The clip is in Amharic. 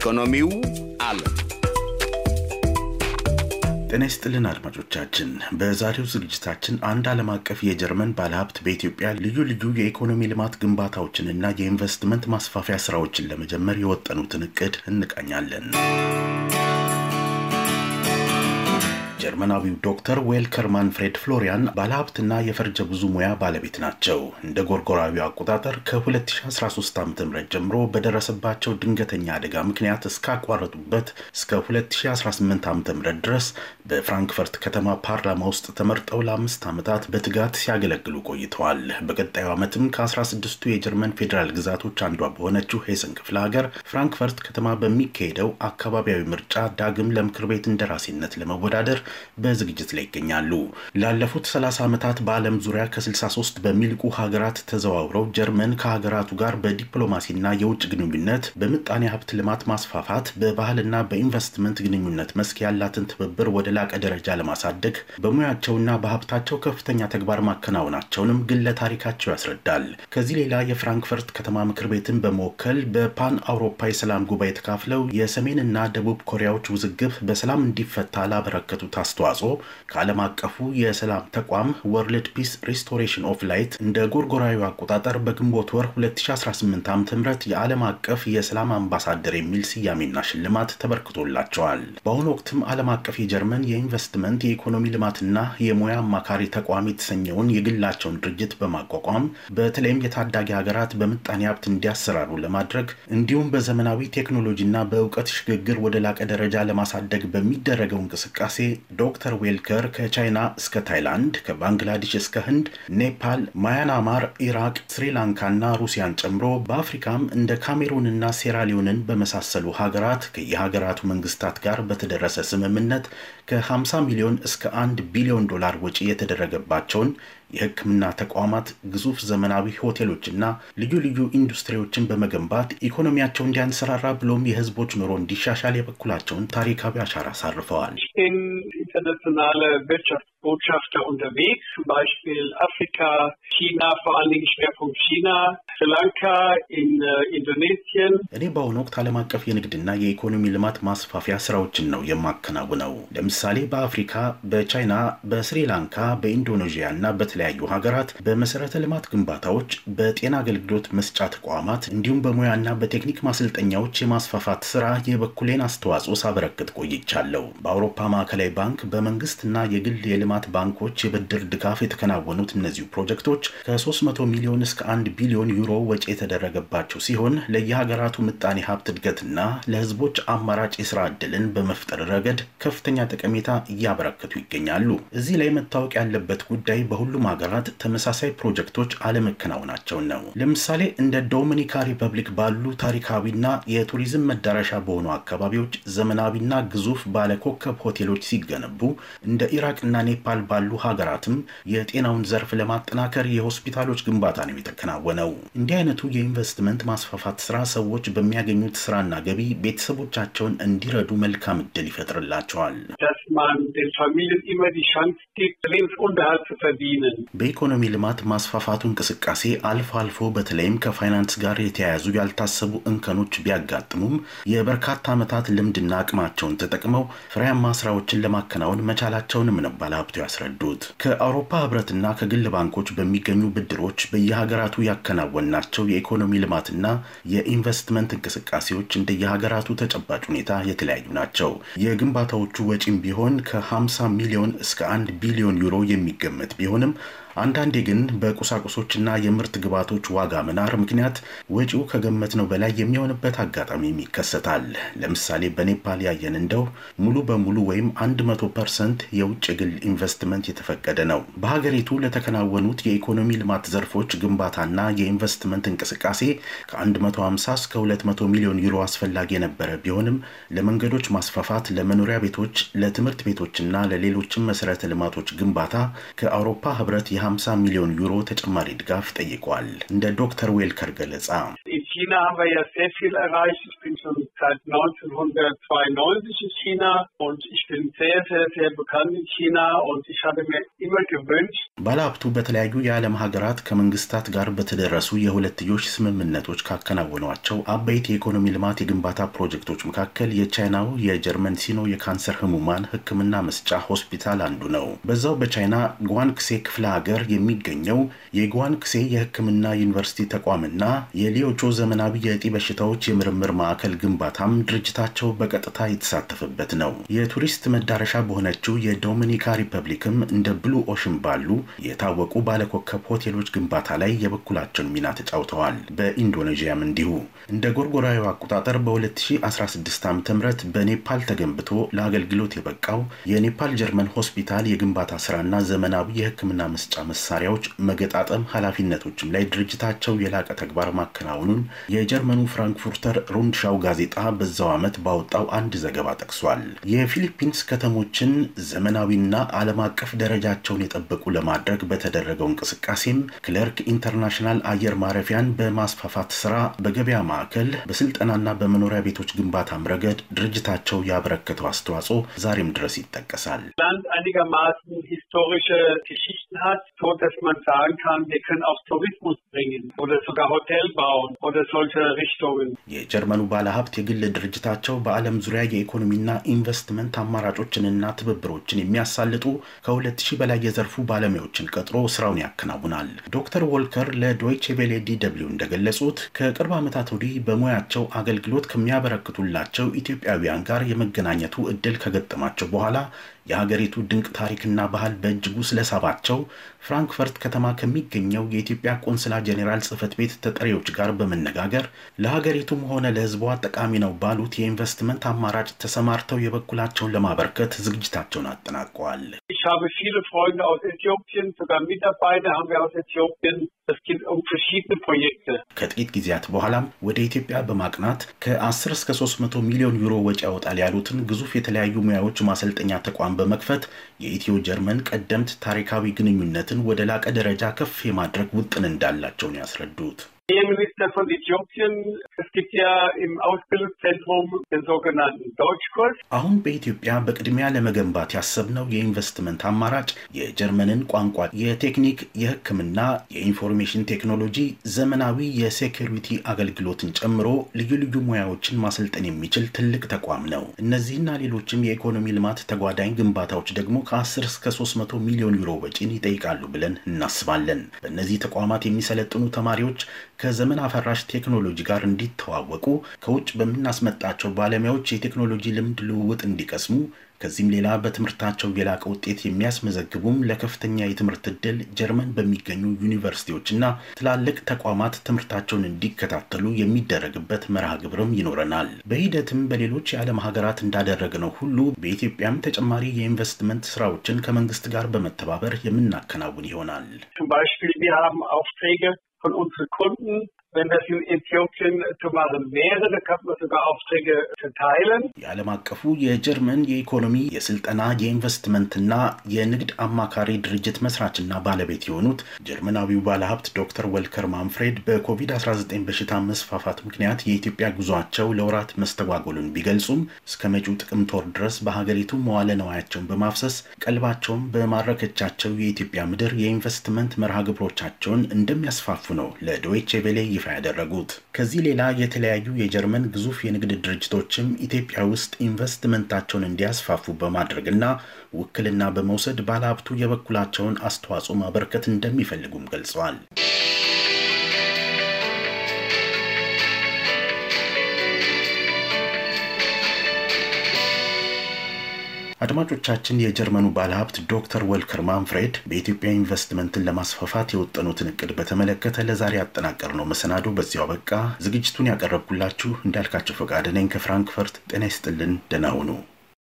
ኢኮኖሚው አለ። ጤና ይስጥልን አድማጮቻችን። በዛሬው ዝግጅታችን አንድ ዓለም አቀፍ የጀርመን ባለሀብት በኢትዮጵያ ልዩ ልዩ የኢኮኖሚ ልማት ግንባታዎችንና የኢንቨስትመንት ማስፋፊያ ስራዎችን ለመጀመር የወጠኑትን እቅድ እንቃኛለን። ጀርመናዊው ዶክተር ዌልከር ማንፍሬድ ፍሎሪያን ባለሀብትና የፈርጀ ብዙ ሙያ ባለቤት ናቸው። እንደ ጎርጎራዊው አቆጣጠር ከ2013 ዓ.ም ጀምሮ በደረሰባቸው ድንገተኛ አደጋ ምክንያት እስካቋረጡበት እስከ 2018 ዓም ድረስ በፍራንክፈርት ከተማ ፓርላማ ውስጥ ተመርጠው ለአምስት ዓመታት በትጋት ሲያገለግሉ ቆይተዋል። በቀጣዩ ዓመትም ከ16ቱ የጀርመን ፌዴራል ግዛቶች አንዷ በሆነችው ሄሰን ክፍለ ሀገር ፍራንክፈርት ከተማ በሚካሄደው አካባቢያዊ ምርጫ ዳግም ለምክር ቤት እንደራሴነት ለመወዳደር በዝግጅት ላይ ይገኛሉ። ላለፉት 30 ዓመታት በዓለም ዙሪያ ከ63 በሚልቁ ሀገራት ተዘዋውረው ጀርመን ከሀገራቱ ጋር በዲፕሎማሲና የውጭ ግንኙነት፣ በምጣኔ ሀብት ልማት ማስፋፋት፣ በባህልና በኢንቨስትመንት ግንኙነት መስክ ያላትን ትብብር ወደ ላቀ ደረጃ ለማሳደግ በሙያቸውና በሀብታቸው ከፍተኛ ተግባር ማከናወናቸውንም ግለ ታሪካቸው ያስረዳል። ከዚህ ሌላ የፍራንክፈርት ከተማ ምክር ቤትን በመወከል በፓን አውሮፓ የሰላም ጉባኤ ተካፍለው የሰሜንና ደቡብ ኮሪያዎች ውዝግብ በሰላም እንዲፈታ ላበረከቱት አስተዋጽኦ ከዓለም አቀፉ የሰላም ተቋም ወርልድ ፒስ ሪስቶሬሽን ኦፍ ላይት እንደ ጎርጎራዊ አቆጣጠር በግንቦት ወር 2018 ዓ ም የዓለም አቀፍ የሰላም አምባሳደር የሚል ስያሜና ሽልማት ተበርክቶላቸዋል። በአሁኑ ወቅትም ዓለም አቀፍ የጀርመን የኢንቨስትመንት የኢኮኖሚ ልማትና የሙያ አማካሪ ተቋም የተሰኘውን የግላቸውን ድርጅት በማቋቋም በተለይም የታዳጊ ሀገራት በምጣኔ ሀብት እንዲያሰራሩ ለማድረግ እንዲሁም በዘመናዊ ቴክኖሎጂና በእውቀት ሽግግር ወደ ላቀ ደረጃ ለማሳደግ በሚደረገው እንቅስቃሴ ዶክተር ዌልከር ከቻይና እስከ ታይላንድ ከባንግላዴሽ እስከ ህንድ፣ ኔፓል፣ ማያናማር፣ ኢራቅ፣ ስሪላንካና ሩሲያን ጨምሮ በአፍሪካም እንደ ካሜሩንና ሴራሊዮንን በመሳሰሉ ሀገራት ከየሀገራቱ መንግስታት ጋር በተደረሰ ስምምነት ከ50 ሚሊዮን እስከ 1 ቢሊዮን ዶላር ወጪ የተደረገባቸውን የሕክምና ተቋማት፣ ግዙፍ ዘመናዊ ሆቴሎችና ልዩ ልዩ ኢንዱስትሪዎችን በመገንባት ኢኮኖሚያቸው እንዲያንሰራራ ብሎም የህዝቦች ኑሮ እንዲሻሻል የበኩላቸውን ታሪካዊ አሻራ አሳርፈዋል። Botschafter unterwegs, zum Beispiel Afrika, China, vor allen Dingen Schwerpunkt China, Sri Lanka, in äh, Indonesien. እኔ በአሁኑ ወቅት ዓለም አቀፍ የንግድና የኢኮኖሚ ልማት ማስፋፊያ ስራዎችን ነው የማከናውነው። ለምሳሌ በአፍሪካ፣ በቻይና፣ በስሪላንካ፣ በኢንዶኔዥያ እና በተለያዩ ሀገራት በመሰረተ ልማት ግንባታዎች፣ በጤና አገልግሎት መስጫ ተቋማት እንዲሁም በሙያና በቴክኒክ ማሰልጠኛዎች የማስፋፋት ስራ የበኩሌን አስተዋጽኦ ሳበረክት ቆይቻለሁ። በአውሮፓ ማዕከላዊ ባንክ በመንግስትና የግል የልማት ልማት ባንኮች የብድር ድጋፍ የተከናወኑት እነዚሁ ፕሮጀክቶች ከ300 ሚሊዮን እስከ 1 ቢሊዮን ዩሮ ወጪ የተደረገባቸው ሲሆን ለየሀገራቱ ምጣኔ ሀብት እድገትና ለህዝቦች አማራጭ የስራ እድልን በመፍጠር ረገድ ከፍተኛ ጠቀሜታ እያበረከቱ ይገኛሉ። እዚህ ላይ መታወቅ ያለበት ጉዳይ በሁሉም ሀገራት ተመሳሳይ ፕሮጀክቶች አለመከናወናቸውን ነው። ለምሳሌ እንደ ዶሚኒካ ሪፐብሊክ ባሉ ታሪካዊና የቱሪዝም መዳረሻ በሆኑ አካባቢዎች ዘመናዊና ግዙፍ ባለኮከብ ሆቴሎች ሲገነቡ እንደ ኢራቅና ኔ ኔፓል ባሉ ሀገራትም የጤናውን ዘርፍ ለማጠናከር የሆስፒታሎች ግንባታ ነው የተከናወነው። እንዲህ አይነቱ የኢንቨስትመንት ማስፋፋት ስራ ሰዎች በሚያገኙት ስራና ገቢ ቤተሰቦቻቸውን እንዲረዱ መልካም እድል ይፈጥርላቸዋል። man den Familien immer die Chance gibt, Lebensunterhalt zu verdienen. በኢኮኖሚ ልማት ማስፋፋቱ እንቅስቃሴ አልፎ አልፎ በተለይም ከፋይናንስ ጋር የተያያዙ ያልታሰቡ እንከኖች ቢያጋጥሙም የበርካታ ዓመታት ልምድና አቅማቸውን ተጠቅመው ፍሬያማ ስራዎችን ለማከናወን መቻላቸውንም ነው ባለሀብቱ ያስረዱት። ከአውሮፓ ህብረትና ከግል ባንኮች በሚገኙ ብድሮች በየሀገራቱ ያከናወንናቸው የኢኮኖሚ ልማትና የኢንቨስትመንት እንቅስቃሴዎች እንደየሀገራቱ ተጨባጭ ሁኔታ የተለያዩ ናቸው። የግንባታዎቹ ወጪም ቢሆን ቢሆን ከ50 ሚሊዮን እስከ 1 ቢሊዮን ዩሮ የሚገመት ቢሆንም አንዳንዴ ግን በቁሳቁሶችና የምርት ግብዓቶች ዋጋ መናር ምክንያት ወጪው ከገመትነው በላይ የሚሆንበት አጋጣሚም ይከሰታል። ለምሳሌ በኔፓል ያየን እንደው ሙሉ በሙሉ ወይም 100 ፐርሰንት የውጭ ግል ኢንቨስትመንት የተፈቀደ ነው። በሀገሪቱ ለተከናወኑት የኢኮኖሚ ልማት ዘርፎች ግንባታና የኢንቨስትመንት እንቅስቃሴ ከ150 እስከ 200 ሚሊዮን ዩሮ አስፈላጊ የነበረ ቢሆንም ለመንገዶች ማስፋፋት፣ ለመኖሪያ ቤቶች፣ ለትምህርት ቤቶችና ለሌሎችም መሰረተ ልማቶች ግንባታ ከአውሮፓ ህብረት የ 50 ሚሊዮን ዩሮ ተጨማሪ ድጋፍ ጠይቋል። እንደ ዶክተር ዌልከር ገለጻ China haben wir ja sehr viel erreicht. Ich bin schon seit 1992 in China und ich bin sehr, sehr, sehr bekannt in China und ich habe mir immer gewünscht. ባለሀብቱ በተለያዩ የዓለም ሀገራት ከመንግስታት ጋር በተደረሱ የሁለትዮሽ ስምምነቶች ካከናወኗቸው አበይት የኢኮኖሚ ልማት የግንባታ ፕሮጀክቶች መካከል የቻይናው የጀርመን ሲኖ የካንሰር ህሙማን ሕክምና መስጫ ሆስፒታል አንዱ ነው። በዛው በቻይና ጓንክሴ ክፍለ ሀገር የሚገኘው የጓንክሴ የሕክምና ዩኒቨርሲቲ ተቋምና የሊዮቾዝ ዘመናዊ የእጢ በሽታዎች የምርምር ማዕከል ግንባታም ድርጅታቸው በቀጥታ የተሳተፈበት ነው። የቱሪስት መዳረሻ በሆነችው የዶሚኒካ ሪፐብሊክም እንደ ብሉ ኦሽን ባሉ የታወቁ ባለኮከብ ሆቴሎች ግንባታ ላይ የበኩላቸውን ሚና ተጫውተዋል። በኢንዶኔዥያም እንዲሁ እንደ ጎርጎራዊ አቆጣጠር በ2016 ዓ ም በኔፓል ተገንብቶ ለአገልግሎት የበቃው የኔፓል ጀርመን ሆስፒታል የግንባታ ስራና ዘመናዊ የሕክምና መስጫ መሳሪያዎች መገጣጠም ኃላፊነቶችም ላይ ድርጅታቸው የላቀ ተግባር ማከናወኑን የጀርመኑ ፍራንክፉርተር ሩንድሻው ጋዜጣ በዛው ዓመት ባወጣው አንድ ዘገባ ጠቅሷል። የፊሊፒንስ ከተሞችን ዘመናዊና ዓለም አቀፍ ደረጃቸውን የጠበቁ ለማድረግ በተደረገው እንቅስቃሴም ክለርክ ኢንተርናሽናል አየር ማረፊያን በማስፋፋት ስራ፣ በገበያ ማዕከል፣ በስልጠናና በመኖሪያ ቤቶች ግንባታም ረገድ ድርጅታቸው ያበረከተው አስተዋጽኦ ዛሬም ድረስ ይጠቀሳል። በሶልተ Richtungen. የጀርመኑ ባለሀብት የግል ድርጅታቸው በዓለም ዙሪያ የኢኮኖሚና ኢንቨስትመንት አማራጮችንና ትብብሮችን የሚያሳልጡ ከሁለት ሺህ በላይ የዘርፉ ባለሙያዎችን ቀጥሮ ስራውን ያከናውናል። ዶክተር ወልከር ለዶይቼ ቬሌ ዲ እንደገለጹት ከቅርብ ዓመታት ወዲህ በሙያቸው አገልግሎት ከሚያበረክቱላቸው ኢትዮጵያውያን ጋር የመገናኘቱ እድል ከገጠማቸው በኋላ የሀገሪቱ ድንቅ ታሪክና ባህል በእጅጉ ስለሳባቸው ፍራንክፈርት ከተማ ከሚገኘው የኢትዮጵያ ቆንስላ ጄኔራል ጽህፈት ቤት ተጠሪዎች ጋር በመነጋገር ለሀገሪቱም ሆነ ለሕዝቧ ጠቃሚ ነው ባሉት የኢንቨስትመንት አማራጭ ተሰማርተው የበኩላቸውን ለማበርከት ዝግጅታቸውን አጠናቀዋል። ከጥቂት ጊዜያት በኋላም ወደ ኢትዮጵያ በማቅናት ከ10 እስከ 300 ሚሊዮን ዩሮ ወጪ ያወጣል ያሉትን ግዙፍ የተለያዩ ሙያዎች ማሰልጠኛ ተቋም በሯን በመክፈት የኢትዮ ጀርመን ቀደምት ታሪካዊ ግንኙነትን ወደ ላቀ ደረጃ ከፍ የማድረግ ውጥን እንዳላቸውን ያስረዱት Innenminister von Äthiopien. Es gibt ja im Ausbildungszentrum den sogenannten Deutschkurs. አሁን በኢትዮጵያ በቅድሚያ ለመገንባት ያሰብነው የኢንቨስትመንት አማራጭ የጀርመንን ቋንቋ፣ የቴክኒክ፣ የሕክምና፣ የኢንፎርሜሽን ቴክኖሎጂ፣ ዘመናዊ የሴኩሪቲ አገልግሎትን ጨምሮ ልዩ ልዩ ሙያዎችን ማሰልጠን የሚችል ትልቅ ተቋም ነው። እነዚህና ሌሎችም የኢኮኖሚ ልማት ተጓዳኝ ግንባታዎች ደግሞ ከ10 እስከ 300 ሚሊዮን ዩሮ ወጪን ይጠይቃሉ ብለን እናስባለን። በእነዚህ ተቋማት የሚሰለጥኑ ተማሪዎች ከዘመን አፈራሽ ቴክኖሎጂ ጋር እንዲተዋወቁ ከውጭ በምናስመጣቸው ባለሙያዎች የቴክኖሎጂ ልምድ ልውውጥ እንዲቀስሙ ከዚህም ሌላ በትምህርታቸው የላቀ ውጤት የሚያስመዘግቡም ለከፍተኛ የትምህርት ዕድል ጀርመን በሚገኙ ዩኒቨርሲቲዎችና ትላልቅ ተቋማት ትምህርታቸውን እንዲከታተሉ የሚደረግበት መርሃ ግብርም ይኖረናል። በሂደትም በሌሎች የዓለም ሀገራት እንዳደረግነው ሁሉ በኢትዮጵያም ተጨማሪ የኢንቨስትመንት ስራዎችን ከመንግስት ጋር በመተባበር የምናከናውን ይሆናል። von unseren Kunden wenn das in Äthiopien zu machen wäre, dann könnte man sogar Aufträge verteilen. የዓለም አቀፉ የጀርመን የኢኮኖሚ የስልጠና የኢንቨስትመንትና የንግድ አማካሪ ድርጅት መስራችና ባለቤት የሆኑት ጀርመናዊው ባለሀብት ዶክተር ወልከር ማንፍሬድ በኮቪድ-19 በሽታ መስፋፋት ምክንያት የኢትዮጵያ ጉዟቸው ለወራት መስተጓጎሉን ቢገልጹም እስከ መጪው ጥቅምት ወር ድረስ በሀገሪቱ መዋለ ነዋያቸውን በማፍሰስ ቀልባቸውን በማረከቻቸው የኢትዮጵያ ምድር የኢንቨስትመንት መርሃ ግብሮቻቸውን እንደሚያስፋፉ ነው ለዶይቼ ቬሌ ይፋ ያደረጉት። ከዚህ ሌላ የተለያዩ የጀርመን ግዙፍ የንግድ ድርጅቶችም ኢትዮጵያ ውስጥ ኢንቨስትመንታቸውን እንዲያስፋፉ በማድረግና ውክልና በመውሰድ ባለሀብቱ የበኩላቸውን አስተዋጽኦ ማበርከት እንደሚፈልጉም ገልጸዋል። አድማጮቻችን የጀርመኑ ባለሀብት ዶክተር ወልከር ማንፍሬድ በኢትዮጵያ ኢንቨስትመንትን ለማስፋፋት የወጠኑትን እቅድ በተመለከተ ለዛሬ ነው። መሰናዶ በዚያው በቃ። ዝግጅቱን ያቀረብኩላችሁ እንዳልካቸው ፈቃደ ነኝ ከፍራንክፈርት። ጤና ይስጥልን። ደህና ሁኑ።